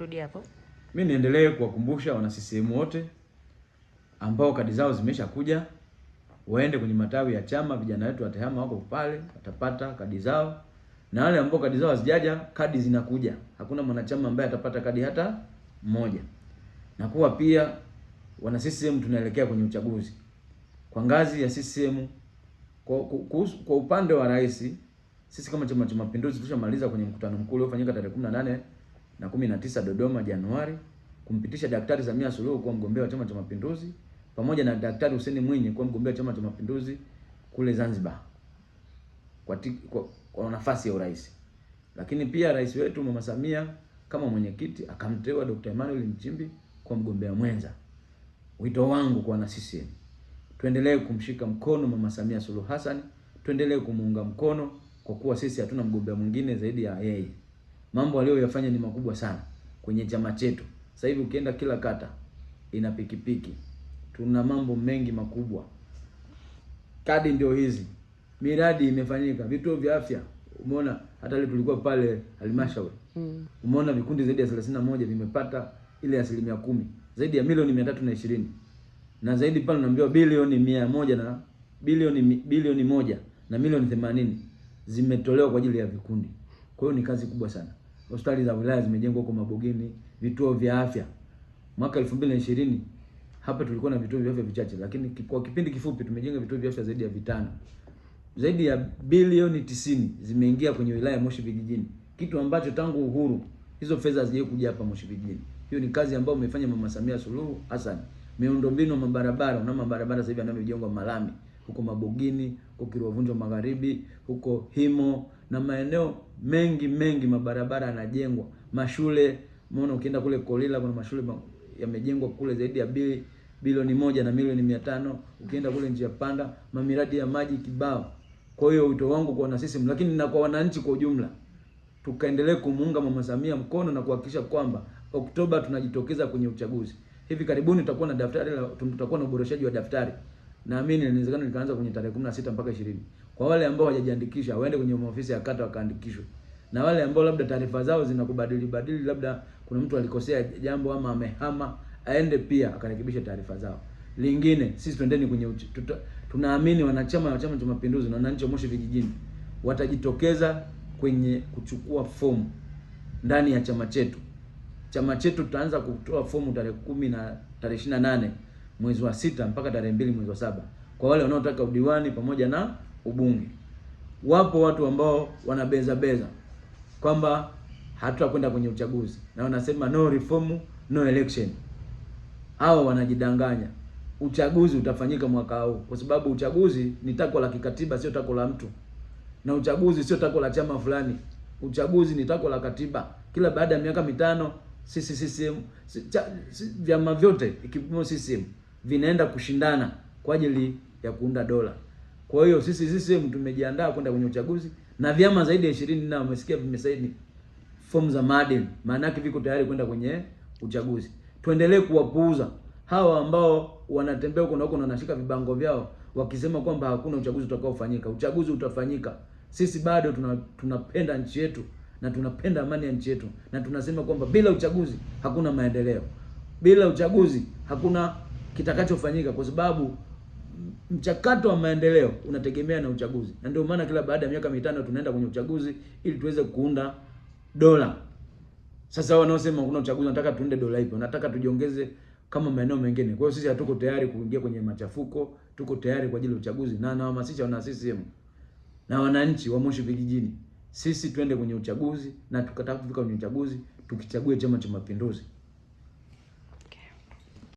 Rudi hapo. Mimi niendelee kuwakumbusha wana CCM wote ambao kadi zao zimesha kuja waende kwenye matawi ya chama. Vijana wetu wa TEHAMA wako pale, watapata kadi zao, na wale ambao kadi zao hazijaja, kadi zinakuja. Hakuna mwanachama ambaye atapata kadi hata mmoja, na kuwa pia wana CCM tunaelekea kwenye uchaguzi kwa ngazi ya CCM. Kwa, kwa, kwa upande wa rais, sisi kama Chama cha Mapinduzi tulishamaliza kwenye mkutano mkuu uliofanyika tarehe 18 na 19 Dodoma Januari kumpitisha Daktari Samia Suluhu kuwa mgombea wa Chama cha Mapinduzi pamoja na Daktari Hussein Mwinyi kuwa mgombea wa Chama cha Mapinduzi kule Zanzibar kwa, tiki, kwa, kwa nafasi ya urais. Lakini pia rais wetu Mama Samia kama mwenyekiti akamteua Dr. Emmanuel Nchimbi kuwa mgombea mwenza. Wito wangu kwa na CCM, tuendelee kumshika mkono Mama Samia Suluhu Hassan, tuendelee kumuunga mkono kwa kuwa sisi hatuna mgombea mwingine zaidi ya yeye. Mambo aliyoyafanya ni makubwa sana kwenye chama chetu. Sasa hivi ukienda kila kata ina pikipiki, tuna mambo mengi makubwa. Kadi ndio hizi, miradi imefanyika, vituo vya afya umeona, hata ile tulikuwa pale halmashauri mm. umeona vikundi zaidi ya moja vimepata ile asilimia kumi zaidi ya milioni mia tatu na ishirini na zaidi pale unaambiwa bilioni mia moja na bilioni bilioni moja na milioni themanini zimetolewa kwa ajili ya vikundi. Kwa hiyo ni kazi kubwa sana hospitali za wilaya zimejengwa huko Mabogeni, vituo vya afya. Mwaka 2020 hapa tulikuwa na vituo vya afya vichache, lakini kwa kipindi kifupi tumejenga vituo vya afya zaidi ya vitano. Zaidi ya bilioni tisini zimeingia kwenye wilaya ya Moshi vijijini, kitu ambacho tangu uhuru hizo fedha hazijawahi kuja hapa Moshi vijijini. Hiyo ni kazi ambayo umefanya Mama Samia Suluhu Hassan. Miundombinu mabarabara na mabarabara sasa hivi yanayojengwa malami huko Mabogini, huko Kiriwavunjo Magharibi, huko Himo na maeneo mengi mengi, mabarabara yanajengwa, mashule. Umeona, ukienda kule Kolila kuna mashule yamejengwa kule zaidi ya bili, bilioni moja na milioni mia tano. Ukienda kule njia panda, mamiradi ya maji kibao. Kwa hiyo wito wangu kwa wanasisi, lakini na kwa wananchi kwa ujumla, tukaendelee kumuunga Mama Samia mkono na kuhakikisha kwamba Oktoba tunajitokeza kwenye uchaguzi. Hivi karibuni tutakuwa na daftari la tutakuwa na uboreshaji wa daftari. Naamini inawezekana nikaanza kwenye tarehe 16 mpaka 20. Kwa wale ambao hawajajiandikisha waende kwenye ofisi ya kata wakaandikishwe. Na wale ambao labda taarifa zao zinakubadili badili, labda kuna mtu alikosea jambo ama amehama, aende pia akarekebisha taarifa zao. Lingine, sisi twendeni kwenye tuta, tunaamini wanachama wa Chama cha Mapinduzi na wananchi wa Moshi vijijini watajitokeza kwenye kuchukua fomu ndani ya chama chetu. Chama chetu tutaanza kutoa fomu tarehe kumi na tarehe ishirini na nane mwezi wa sita mpaka tarehe mbili mwezi wa saba kwa wale wanaotaka udiwani pamoja na ubunge. Wapo watu ambao wanabeza beza kwamba hatutakwenda kwenye uchaguzi na wanasema no reform no election. Hawa wanajidanganya. Uchaguzi utafanyika mwaka huu, kwa sababu uchaguzi ni tako la kikatiba, sio tako la mtu, na uchaguzi sio tako la chama fulani. Uchaguzi ni tako la katiba. Kila baada ya miaka mitano sisi CCM si, si, si, vyama vyote ikiwemo CCM vinaenda kushindana kwa ajili ya kuunda dola. Kwa hiyo sisi CCM tumejiandaa kwenda kwenye uchaguzi na vyama zaidi ya 20 na umesikia vimesaini fomu za maadili, maana yake viko tayari kwenda kwenye uchaguzi. Tuendelee kuwapuuza hawa ambao wanatembea huko na huko na wanashika vibango vyao wakisema kwamba hakuna uchaguzi utakaofanyika. Uchaguzi utafanyika. Sisi bado tuna, tunapenda nchi yetu na tunapenda amani ya nchi yetu na tunasema kwamba bila uchaguzi hakuna maendeleo, bila uchaguzi hakuna kitakachofanyika, kwa sababu mchakato wa maendeleo unategemea na uchaguzi, na ndio maana kila baada ya miaka mitano tunaenda kwenye uchaguzi ili tuweze kuunda dola. Sasa wanaosema kuna uchaguzi, nataka tuunde dola ipo, Nataka tujiongeze kama maeneo mengine. Kwa hiyo sisi hatuko tayari kuingia kwenye machafuko, tuko tayari kwa ajili ya uchaguzi, na nawahamasisha wana CCM na wananchi wa Moshi vijijini, sisi twende kwenye uchaguzi, na tukataka kufika kwenye uchaguzi tukichague Chama cha Mapinduzi.